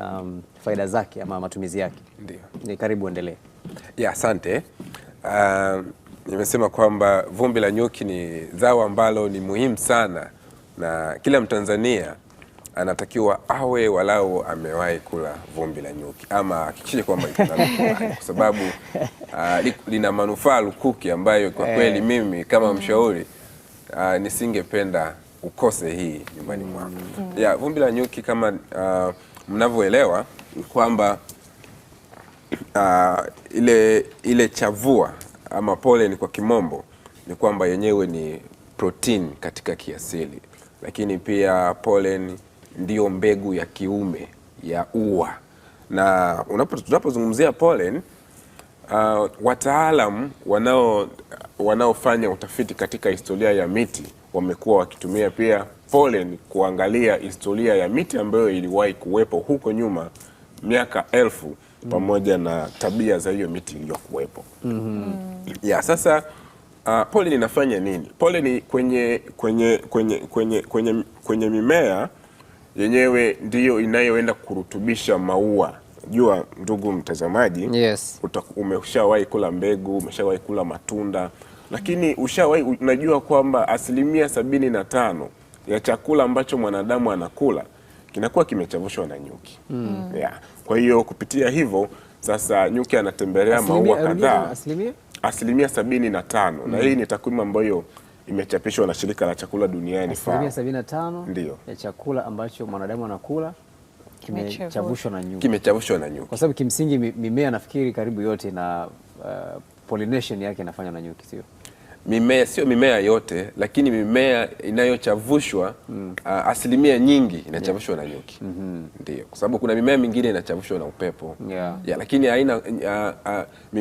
um, faida zake ama matumizi yake. Ndio. Ni karibu endelee. Ya, asante. Uh, nimesema kwamba vumbi la nyuki ni zao ambalo ni muhimu sana na kila Mtanzania anatakiwa awe walau amewahi kula vumbi la nyuki ama hakikishe kwamba kwa sababu uh, lina manufaa lukuki ambayo kwa eh. kweli mimi kama mshauri uh, nisingependa ukose hii nyumbani mwako. Mm. Ya, vumbi la nyuki kama uh, mnavyoelewa ni kwamba uh, ile, ile chavua ama pollen kwa kimombo ni kwamba yenyewe ni protein katika kiasili, lakini pia pollen ndiyo mbegu ya kiume ya ua, na unapozungumzia pollen uh, wataalam wanao wanaofanya utafiti katika historia ya miti wamekuwa wakitumia pia pollen kuangalia historia ya miti ambayo iliwahi kuwepo huko nyuma miaka elfu mm. pamoja na tabia za hiyo miti iliyokuwepo. mm -hmm. Yeah, sasa uh, pollen inafanya nini? Pollen kwenye, kwenye, kwenye, kwenye, kwenye, kwenye mimea yenyewe ndiyo inayoenda kurutubisha maua jua ndugu mtazamaji, yes. Umeshawahi kula mbegu, umeshawahi kula matunda, lakini ushawahi unajua kwamba asilimia sabini na tano ya chakula ambacho mwanadamu anakula kinakuwa kimechavushwa na nyuki mm. yeah. Kwa hiyo kupitia hivyo sasa nyuki anatembelea maua kadhaa, asilimia sabini na tano mm. na hii mm. ni takwimu ambayo imechapishwa na shirika la chakula duniani ndio ya chakula ambacho mwanadamu anakula kimechavushwa na nyuki, kimechavushwa na nyuki, kwa sababu kimsingi mimea nafikiri karibu yote na uh, pollination yake inafanywa na nyuki, sio mimea, sio mimea yote, lakini mimea inayochavushwa mm. uh, asilimia nyingi inachavushwa yeah. na nyuki mm -hmm. Ndio, kwa sababu kuna mimea mingine inachavushwa na upepo yeah. Yeah, lakini haina uh, uh,